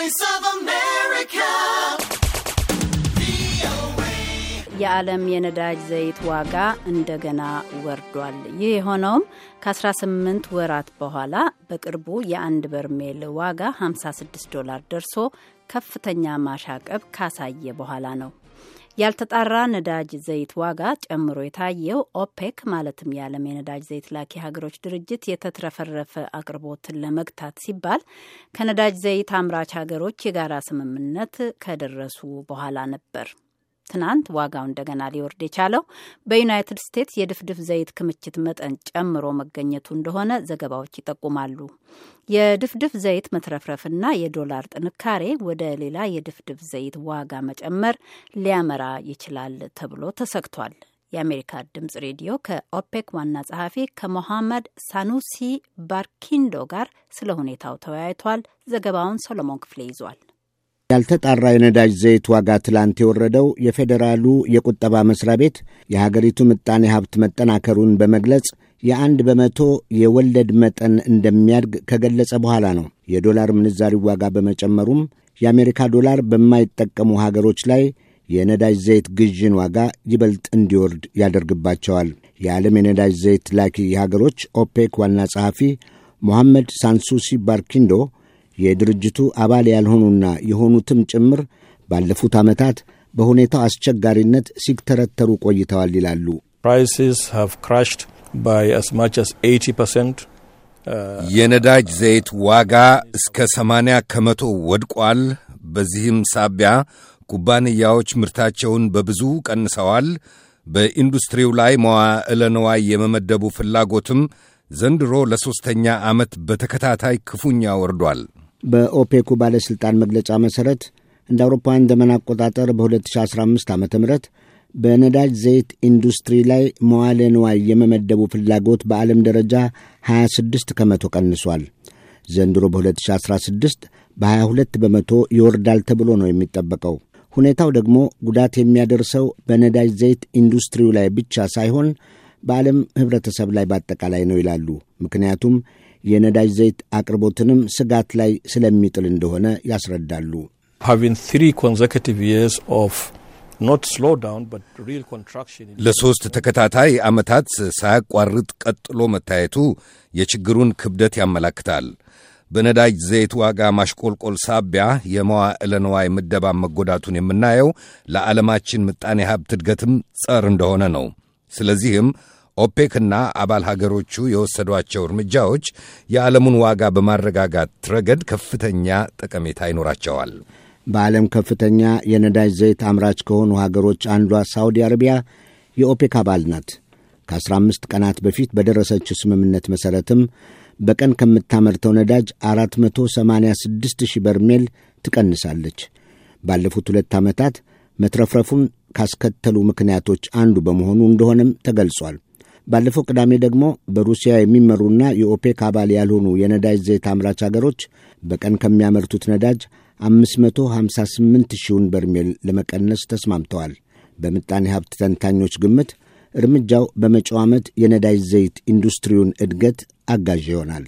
Voice of America. የዓለም የነዳጅ ዘይት ዋጋ እንደገና ወርዷል። ይህ የሆነውም ከ18 ወራት በኋላ በቅርቡ የአንድ በርሜል ዋጋ 56 ዶላር ደርሶ ከፍተኛ ማሻቀብ ካሳየ በኋላ ነው። ያልተጣራ ነዳጅ ዘይት ዋጋ ጨምሮ የታየው ኦፔክ ማለትም የዓለም የነዳጅ ዘይት ላኪ ሀገሮች ድርጅት የተትረፈረፈ አቅርቦትን ለመግታት ሲባል ከነዳጅ ዘይት አምራች ሀገሮች የጋራ ስምምነት ከደረሱ በኋላ ነበር። ትናንት ዋጋው እንደገና ሊወርድ የቻለው በዩናይትድ ስቴትስ የድፍድፍ ዘይት ክምችት መጠን ጨምሮ መገኘቱ እንደሆነ ዘገባዎች ይጠቁማሉ። የድፍድፍ ዘይት መትረፍረፍና የዶላር ጥንካሬ ወደ ሌላ የድፍድፍ ዘይት ዋጋ መጨመር ሊያመራ ይችላል ተብሎ ተሰግቷል። የአሜሪካ ድምጽ ሬዲዮ ከኦፔክ ዋና ጸሐፊ ከሞሐመድ ሳኑሲ ባርኪንዶ ጋር ስለ ሁኔታው ተወያይቷል። ዘገባውን ሰሎሞን ክፍሌ ይዟል። ያልተጣራ የነዳጅ ዘይት ዋጋ ትላንት የወረደው የፌዴራሉ የቁጠባ መስሪያ ቤት የሀገሪቱ ምጣኔ ሀብት መጠናከሩን በመግለጽ የአንድ በመቶ የወለድ መጠን እንደሚያድግ ከገለጸ በኋላ ነው። የዶላር ምንዛሪ ዋጋ በመጨመሩም የአሜሪካ ዶላር በማይጠቀሙ ሀገሮች ላይ የነዳጅ ዘይት ግዥን ዋጋ ይበልጥ እንዲወርድ ያደርግባቸዋል። የዓለም የነዳጅ ዘይት ላኪ ሀገሮች ኦፔክ ዋና ጸሐፊ ሞሐመድ ሳንሱሲ ባርኪንዶ የድርጅቱ አባል ያልሆኑና የሆኑትም ጭምር ባለፉት ዓመታት በሁኔታው አስቸጋሪነት ሲተረተሩ ቆይተዋል ይላሉ። uh, የነዳጅ ዘይት ዋጋ እስከ 80 ከመቶ ወድቋል። በዚህም ሳቢያ ኩባንያዎች ምርታቸውን በብዙ ቀንሰዋል። በኢንዱስትሪው ላይ መዋዕለ ነዋይ የመመደቡ ፍላጎትም ዘንድሮ ለሦስተኛ ዓመት በተከታታይ ክፉኛ ወርዷል። በኦፔኩ ባለሥልጣን መግለጫ መሠረት እንደ አውሮፓውያን ዘመን አቆጣጠር በ2015 ዓ ም በነዳጅ ዘይት ኢንዱስትሪ ላይ መዋለ ንዋይ የመመደቡ ፍላጎት በዓለም ደረጃ 26 ከመቶ ቀንሷል። ዘንድሮ በ2016 በ22 በመቶ ይወርዳል ተብሎ ነው የሚጠበቀው። ሁኔታው ደግሞ ጉዳት የሚያደርሰው በነዳጅ ዘይት ኢንዱስትሪው ላይ ብቻ ሳይሆን በዓለም ኅብረተሰብ ላይ በአጠቃላይ ነው ይላሉ። ምክንያቱም የነዳጅ ዘይት አቅርቦትንም ስጋት ላይ ስለሚጥል እንደሆነ ያስረዳሉ። ለሦስት ተከታታይ ዓመታት ሳያቋርጥ ቀጥሎ መታየቱ የችግሩን ክብደት ያመላክታል። በነዳጅ ዘይት ዋጋ ማሽቆልቆል ሳቢያ የመዋዕለ ንዋይ ምደባ መጎዳቱን የምናየው ለዓለማችን ምጣኔ ሀብት እድገትም ጸር እንደሆነ ነው። ስለዚህም ኦፔክና አባል ሀገሮቹ የወሰዷቸው እርምጃዎች የዓለሙን ዋጋ በማረጋጋት ረገድ ከፍተኛ ጠቀሜታ ይኖራቸዋል። በዓለም ከፍተኛ የነዳጅ ዘይት አምራች ከሆኑ ሀገሮች አንዷ ሳውዲ አረቢያ የኦፔክ አባል ናት። ከ15 ቀናት በፊት በደረሰችው ስምምነት መሠረትም በቀን ከምታመርተው ነዳጅ 486 ሺህ በርሜል ትቀንሳለች። ባለፉት ሁለት ዓመታት መትረፍረፉን ካስከተሉ ምክንያቶች አንዱ በመሆኑ እንደሆነም ተገልጿል። ባለፈው ቅዳሜ ደግሞ በሩሲያ የሚመሩና የኦፔክ አባል ያልሆኑ የነዳጅ ዘይት አምራች አገሮች በቀን ከሚያመርቱት ነዳጅ 558 ሺውን በርሜል ለመቀነስ ተስማምተዋል። በምጣኔ ሀብት ተንታኞች ግምት እርምጃው በመጪው ዓመት የነዳጅ ዘይት ኢንዱስትሪውን እድገት አጋዥ ይሆናል።